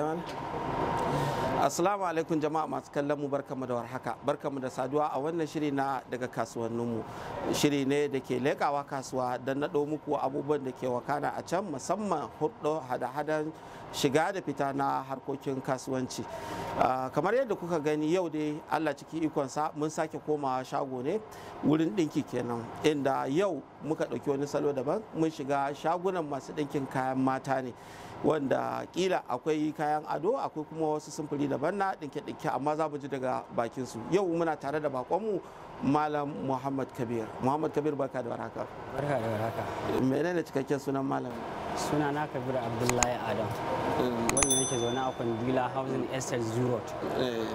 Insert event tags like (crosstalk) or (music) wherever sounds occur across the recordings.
Suleiman. Assalamu alaikum jama'a masu kallon mu barkamu da warhaka barkamu da saduwa a wannan shiri na daga mu shiri ne da ke leƙawa kasuwa don naɗo muku abubuwan da ke wakana a can musamman hudu hada-hadan shiga da fita na harkokin kasuwanci ah, kamar yadda kuka gani yau dai Allah ciki ikonsa mun sake komawa shago ne wurin ɗinki kenan inda yau muka ɗauki wani salo daban mun shiga shagunan masu ɗinkin kayan mata ne. wanda kila akwai kayan ado akwai kuma wasu sumfuri daban na ɗinke-ɗinke amma za mu ji daga bakin su yau muna tare da bakonmu malam muhammad kabir muhammad kabir barka da warhaka barka da warhaka menene cikakken sunan malam suna na kabir abdullahi adam eh. wanda yake zaune a kwandila housing estate zero eh.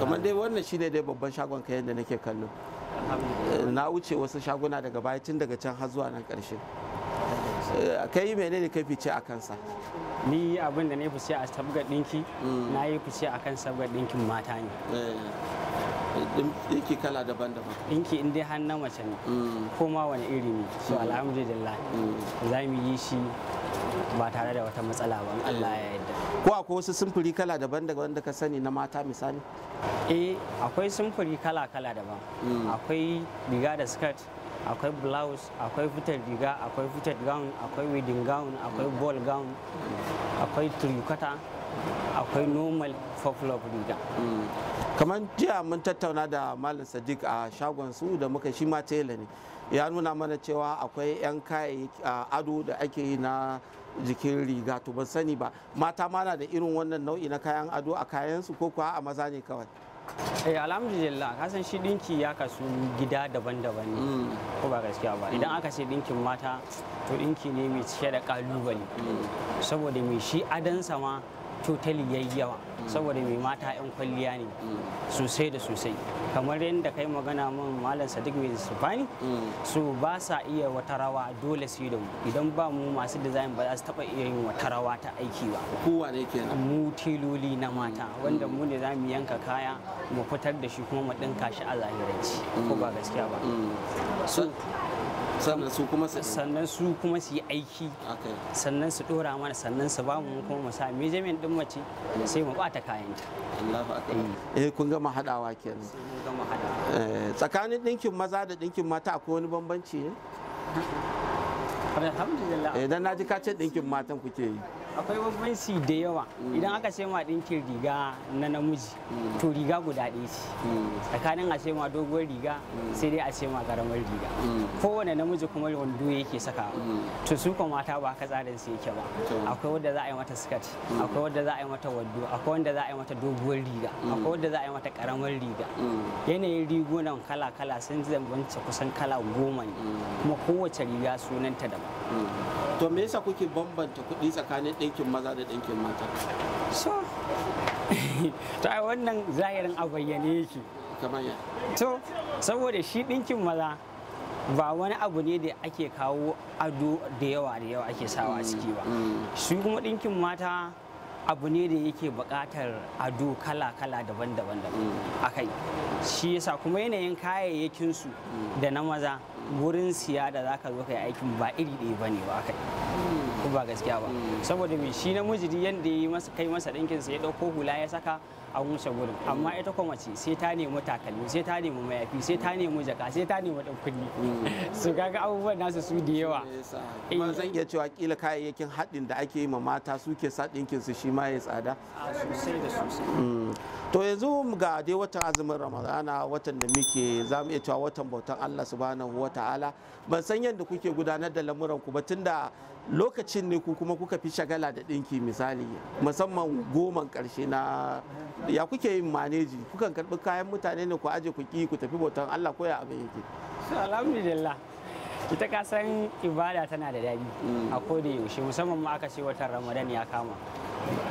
kamar dai wannan shine dai babban shagon kayan da nake kallo eh, na wuce wasu shaguna daga baya tun daga can har zuwa nan karshe Eh, kai menene ka fice a kansa ni abin da na yi fice a sabgar dinki mm. na yi fice a kan sabgar dinkin mata ne dinki eh, kala daban-daban dinki in dai har na mace ne mm. ko ma wani iri ne so mm. alhamdulillah za mu yi shi ba tare da wata matsala ba eh. Allah ya yarda ko akwai wasu sumfuri kala daban-daban da ka sani na mata misali eh akwai sumfuri kala-kala daban akwai riga da skirt akwai blouse akwai fitar riga akwai fitted gown akwai wedding gown akwai ball gown akwai turikata akwai normal folklore riga hmm. kamar jiya mun tattauna da malam sadiq a shagon su da muka shi ma tela ne ya nuna mana cewa akwai 'yan kayayyaki ado da ake yi na jikin riga to ban sani ba mata mana da irin wannan nau'i na kayan ado a kayansu ko kuwa a maza ne kawai eh alhamdulillah ka san shi dinki ya kasu gida daban-daban ne mm. ko ba gaskiya ba idan mm. aka ce dinkin mata to dinki ne mai cike da kalubale mm. saboda mai shi adansa ma cutali ya yawa saboda mai mata 'yan kwalliya ne sosai da sosai kamar yadda kai magana min malam sadiq mai sufani su ba sa iya wata rawa dole su yi da mu idan ba mu masu design ba za su taba iya yin wata rawa ta aiki ba kowa ne ke mu tiloli na mata wanda mu ne za mu yanka kaya mu fitar da shi kuma mu dinka shi a zahiranci ko ba gaskiya ba mm. sannan su kuma su sannan su kuma su yi aiki sannan su dora mana sannan su bamu mu kuma mu sa jami'in din mace sai mu bata kayanta Allahu akbar mm. eh kun gama hadawa kenan mun gama hadawa eh, tsakanin dinkin maza da dinkin mata akwai wani bambanci ne alhamdulillah eh, dan naji ka ce dinkin matan kuke yi akwai bambanci da yawa mm. idan aka ce ma ɗinkin riga na namiji mm. to riga guda ɗaya ce mm. tsakanin a ce ma doguwar riga sai dai a ce ma karamar riga kowane namiji kuma wando yake saka to su kuma mata ba ka tsarin su yake ba akwai wanda za a yi mata skirt akwai wanda za a yi mata wando akwai wanda za a yi mata doguwar riga akwai wanda za a yi mata karamar riga yanayin rigunan kala kala sun zambanta kusan kala goma ne kuma kowace riga sunanta daban to me yasa kuke bambanta kuɗi tsakanin ɗinkin maza da ɗinkin mata so (laughs) ta wannan zahirin a bayyane yake kamar ya to saboda shi ɗinkin maza ba wani abu ne da ake kawo ado da yawa da yawa ake sawa aski ciki ba mm, mm. shi kuma ɗinkin mata abu ne da yake buƙatar ado kala-kala daban-daban mm. a kai shi yasa kuma yanayin kayayyakinsu mm. da na maza wurin siya da zaka zo ka aikin ba iri ɗaya ba ne ba kai mm. ba gaskiya ba saboda mai shi namiji duk yadda ya masa kai masa ɗinkin sa ya ɗauko hula ya saka a wuce gurin amma ita kuma ce sai ta nemi takalmi sai ta nemi mayafi sai ta nemi jaka sai ta nemi ɗan kunni mm. su kaga abubuwan nasu su da yawa kuma zan iya cewa kila kayayyakin haɗin da ake yi ma mata suke sa ɗinkin su shi ma ya tsada sosai da sosai mm. to yanzu ga dai watan azumin ramadana watan da muke za mu iya cewa watan bautan Allah subhanahu wa ta'ala ban san yadda kuke gudanar da lamuran ku ba tunda lokacin ne ku kuma kuka fi shagala da ɗinki misali musamman goman ƙarshe na ya kuke yin maneji kukan karbi kayan mutane ne ku aje ku ki ku tafi bautan Allah ko ya abin yake alhamdulillah ita ka san ibada tana da daɗi mm. a koda yaushe musamman ma aka ce watan ramadan ya kama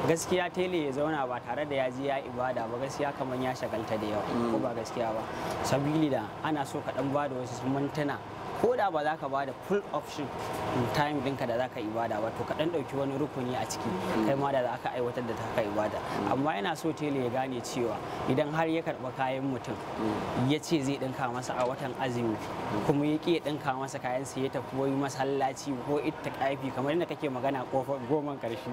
gaskiya tele ya zauna ba tare da ya ji ya ibada ba gaskiya kamar ya shagalta da yawa ko mm. ba gaskiya ba sabili da ana so ka dan ba da wasu mantana ko da ba za ka ba da full option mm, time dinka da za ka ibada ba to ka ɗan ɗauki wani rukuni a ciki mm. kai ma da za ka aiwatar da ta ka ibada mm. amma yana so tele ya gane cewa idan har ya karɓa kayan mutum ya ce zai ɗinka masa a watan azumi kuma ya ƙi ya ɗinka masa kayan sa ya tafi wani masallaci ko ita kamar yadda kake magana kofar goman ƙarshe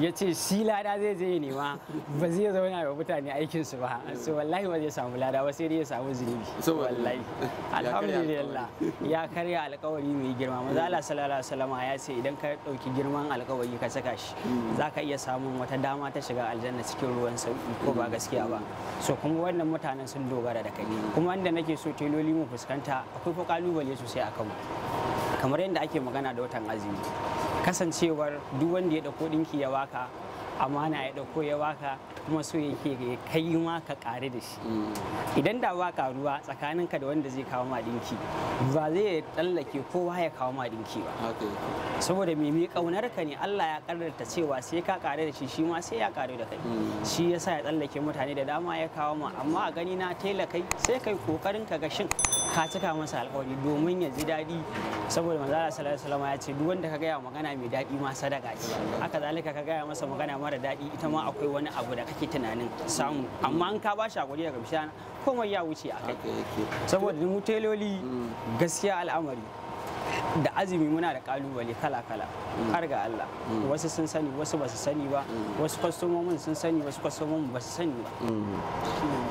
ya ce shi lada zai je ya nema ba zai zauna wa mutane aikinsu ba so wallahi ba zai samu lada ba sai dai ya samu zunubi so wallahi (laughs) alhamdulillah ya karya alkawari mai girma maza Allah sallallahu alaihi wasallam ya ce idan ka dauki girman alkawari ka saka shi hmm. zaka iya samun wata dama ta shiga aljanna cikin ruwan sauki ko ba gaskiya ba so kuma wannan mutanen sun dogara da kai kuma inda nake so teloli mu fuskanta akwai fa kalubale sosai a mu kamar yadda ake magana da watan azumi kasancewar duk wanda ya dauko dinki ya waka amana ya dauko ya baka kuma so yake kai ma ka kare da shi mm. idan da ba karuwa tsakaninka da wanda zai kawo ma dinki ba zai tsallake kowa ya kawo ma dinki ba saboda me me ka ne Allah ya karanta cewa sai ka kare da shi shi ma sai ya kare da kai mm. shi yasa ya tsallake mutane da dama ya kawo ma amma a gani na tela kai sai kai kokarin ka ga shin ka cika masa alƙawari domin ya ji daɗi saboda maza sallallahu alaihi ya ce duk wanda ka gaya magana mai daɗi ma sadaka ce haka zalika ka gaya masa magana mara daɗi ita ma akwai wani abu da kake tunanin samu amma an ka bashi hakuri daga bishana komai ya wuce a kai saboda mu mm. gaskiya al'amari da azumi muna da kalubale kala-kala mm. har ga Allah mm. wasu sun sani wasu ba sani ba mm. wasu kwastomomin sun sani wasu kwastomomin ba su sani ba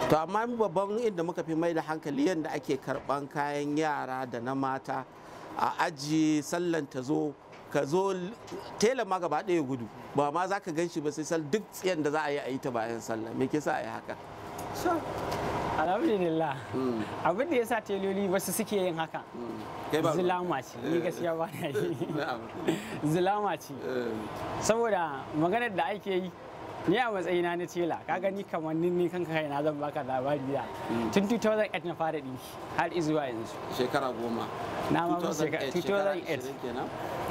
to amma babban inda muka fi mai da hankali yadda ake karban kayan yara da na mata a aji sallan ta zo ka zo tela ma gaba ɗaya gudu ba ma za ka gan shi ba sai sal duk tsayen da za a yi a yi ta bayan sallah me ke sa a yi haka alhamdulillah hmm. abin da ya sa teloli wasu suke yin haka hmm. zulama ce ni eh. gaskiya ba na yi (laughs) zulama ce eh. saboda maganar da ake yi ni a matsayina na tela ka gani kamar ni kanka kai na zan baka labari da mm. tun 2008 na fara dinki har izuwa yanzu shekara goma na ma 2008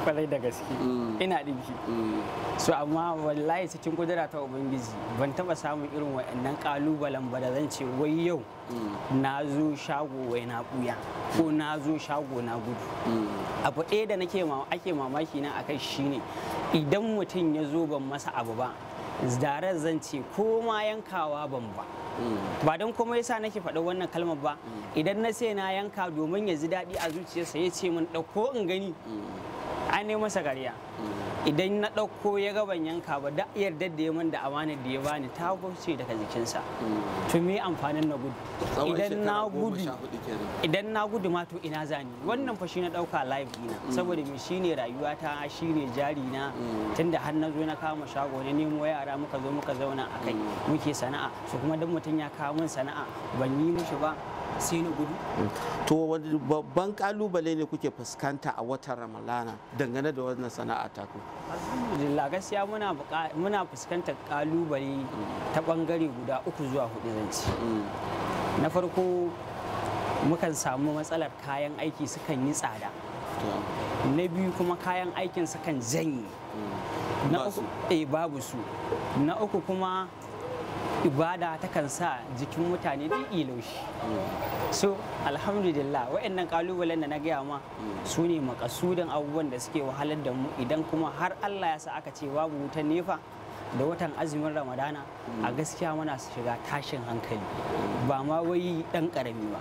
kwarai da gaske mm. ina dinki mm. so amma wallahi cikin kudura ta ubangiji ban taba samun irin wa'annan kalubalen ba da zan ce wai yau na zo shago wai na buya ko na zo shago na gudu abu ɗaya da nake ake mamaki na akai shine idan mutum ya zo ban masa abu ba zarar zan ce koma yankawa ban ba hmm. ba don kuma yasa nake faɗa wannan kalmar ba hmm. idan na sai na yanka domin ya ji daɗi a zuciyarsa ya ce min ɗauko in gani hmm. ne masa gariya idan na ɗauko ya ga ban yanka ba da yardar da ya man da amanar da ya bani ta gwamce daga jikinsa to me amfanin na gudu idan na gudu idan ma to ina zani wannan fa shi na ɗauka live ina mm. saboda me shine rayuwata shine jari na mm. tunda har na zo na kama shago na nemo yara muka zo muka zauna akai mm. muke sana'a su kuma duk mutum ya kawo min sana'a ban yi mishi ba sai na gudu to wani babban kalubale ne kuke fuskanta a watan ramalana dangane da wannan sana'a ta ku alhamdulillah gaskiya muna muna fuskantar kalubale ta bangare guda uku zuwa hudu zance mm. na farko mukan samu matsalar kayan aiki sukan yi tsada na biyu kuma kayan aikin sukan janye mm. na uku eh, babu su na uku kuma ibada takan sa jikin mutane da laushi so alhamdulillah waɗannan ƙalubalen da na gaya ma su ne makasudin abubuwan da suke wahalar da mu idan kuma har allah ya sa aka ce babu wutan nefa da watan azumin ramadana a gaskiya muna shiga tashin hankali ba ma wai dan karami ba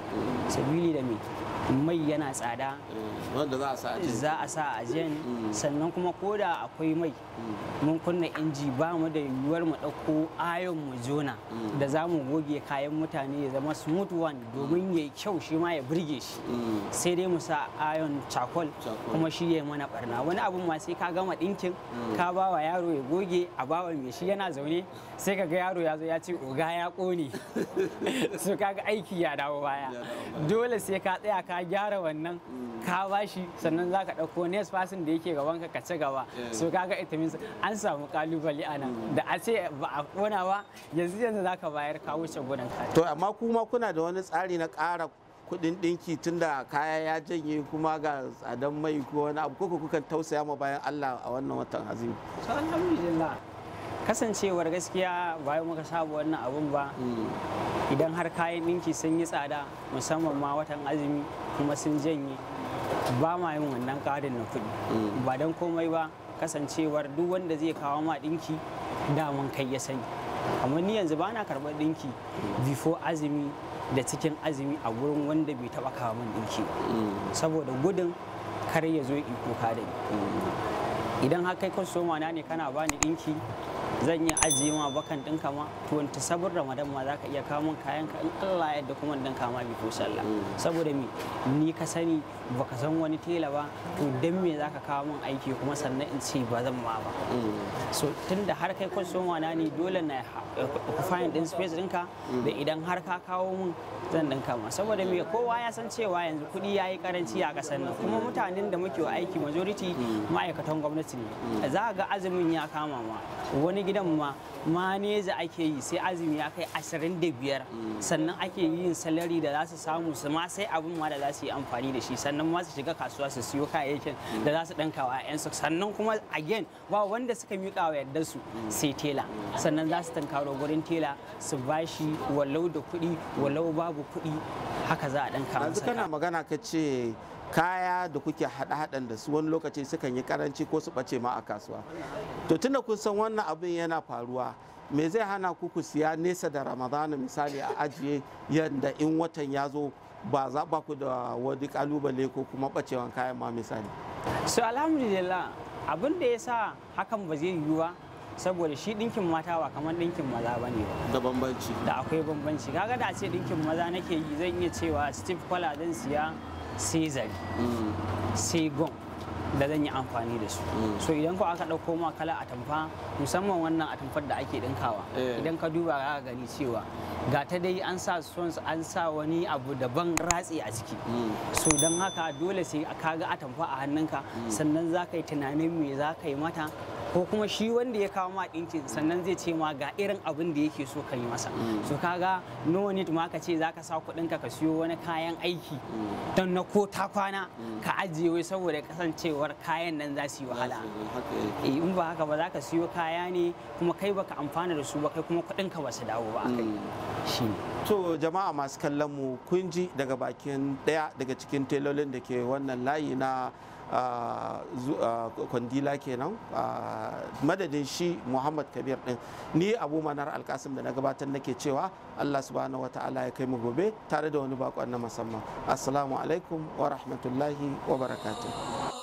sabili da me mai yana tsada mm. wanda za a sa a jen mm. sannan kuma koda akwai mai mm. mun kunna inji ba mu da yiwuwar mu ɗauko ayon mu jona da za mu goge kayan mutane ya zama smooth one domin ya yi kyau shi ma ya burge shi sai dai mu sa ayon charcoal kuma shi ya yi mana barna wani abun ma sai ka gama ɗinkin ka ba wa yaro ya goge a bawa mai shi yana zaune sai kaga yaro ya zo ya ce oga ya ƙone (laughs) so kaga aiki ya dawo baya dole sai ka tsaya ka ka gyara wannan ka bashi sannan za ka ɗauko next person da yake gaban ka ci gaba so kaga means an samu kalubale a nan da a ce ba a kona ba yanzu yanzu za ka bayar ka wuce gudun ka to amma kuma kuna da wani tsari na ƙara kudin dinki tunda kaya ya janye kuma ga tsadan mai ko wani abu kuka tausaya ma bayan Allah a wannan watan azimi Alhamdulillah. kasancewar gaskiya bayan muka saba wannan abun ba mm. idan har kayan ɗinki sun yi tsada musamman ma watan azumi kuma sun janye ba ma yin wannan ƙarin na kuɗi mm. ba don komai ba kasancewar duk wanda zai kawo ma ɗinki daman kai ya sani amma ni yanzu ba na karɓar ɗinki before azumi da cikin azumi a gurin wanda bai taɓa kawo min ɗinki mm. saboda gudun kar ya zo iko kuka da ni idan har kai soma na ne kana bani ɗinki zan yi ajiye ma bakan dinka ma 27 ramadan ma za ka iya kawo min kayan ka in allah yadda kuma ɗin kama bifo sallah mm. saboda me ni ka sani baka san wani tela ba to dan me za ka kawo min aiki kuma sannan in ce ba zan ma ba mm. so tunda har kai kwastoma na ne dole na eh, fayin din space ɗinka da mm. idan har ka kawo min zan ɗinka ma saboda me kowa ya san cewa yanzu kuɗi ya yi karanci a ƙasar nan kuma mutanen da muke aiki majority ma'aikatan gwamnati ne za ga azumin ya kama ma wani idan ma maneja ake yi sai azumi ya kai biyar sannan ake yin salari da za su samu su ma sai abin ma da za su yi amfani da shi sannan ma su shiga kasuwa su siyo kayayyakin da za su danka wa ƴan sannan kuma again ba wanda suka miƙa wa yardar su sai tela sannan za su tankaro gurin tela su bashi walau da kuɗi walau babu kuɗi haka za a danka masa kana magana ka ce kaya da kuke hada-hadan da su wani lokaci sukan yi karanci ko su bace ma a kasuwa to tunda kun san wannan abin yana faruwa me zai hana ku ku siya nesa da ramadana misali a ajiye yadda in watan ya zo ba za ba ku da wani kalubale ko kuma bacewan kayan ma misali so alhamdulillah abin da ya sa hakan ba zai yiwu ba saboda shi dinkin mata ba kamar dinkin maza ba ne Da bambanci. Da akwai bambanci. Kaga da a ce dinkin maza nake yi zan iya cewa Steve Kwala zan siya sai segon mm. da zan yi amfani da su mm. so idan ku aka ɗauko ma kala atamfa musamman wannan atamfar da ake ɗinkawa eh. idan ka duba ka gani cewa ga ta dai an sa sons an sa wani abu daban ratse a ciki mm. so don haka dole sai ka ga atamfa a hannunka sannan za ka yi tunanin me za ka yi mata ko kuma shi wanda ya kawo ma ɗinkin sannan zai ce ma ga irin abin da yake so ka yi masa mm. so kaga no need ma ka ce za ka sa kuɗin ka ka siyo wani kayan aiki mm. don na ko ta kwana mm. ka ajiye wai saboda kasancewar kayan nan za su yi wahala eh, in ba haka ba za ka siyo kaya ne kuma kai baka amfana da su ba kai kuma kuɗin ka ba su dawo ba kai shi to jama'a masu kallon mu kun ji daga bakin daya daga cikin telolin da ke wannan layi na kwandila kenan madadin shi muhammad kabir din ni abu manar alkasim da na gabatar nake cewa allah subhanahu wa ta'ala ya kai mu gobe tare da wani bakon na musamman assalamu alaikum wa rahmatullahi wa barakatuh